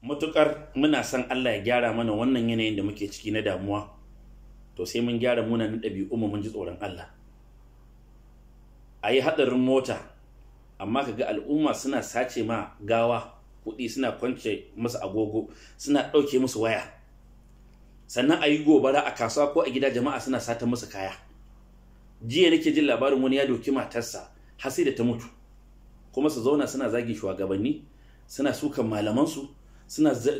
matukar muna son Allah ya gyara mana wannan yanayin da muke ciki na damuwa to sai mun gyara muna na ɗabi'u mu mun ji tsoron Allah a yi haɗarin mota amma kaga al'umma suna sace ma gawa kuɗi suna kwance musu agogo suna ɗauke musu waya sannan ayi gobara a kasuwa ko a gida jama'a suna sata musu kaya jiya nake jin labarin wani ya doki matarsa har sai da ta mutu kuma su zauna suna zagi shugabanni suna sukan malamansu suna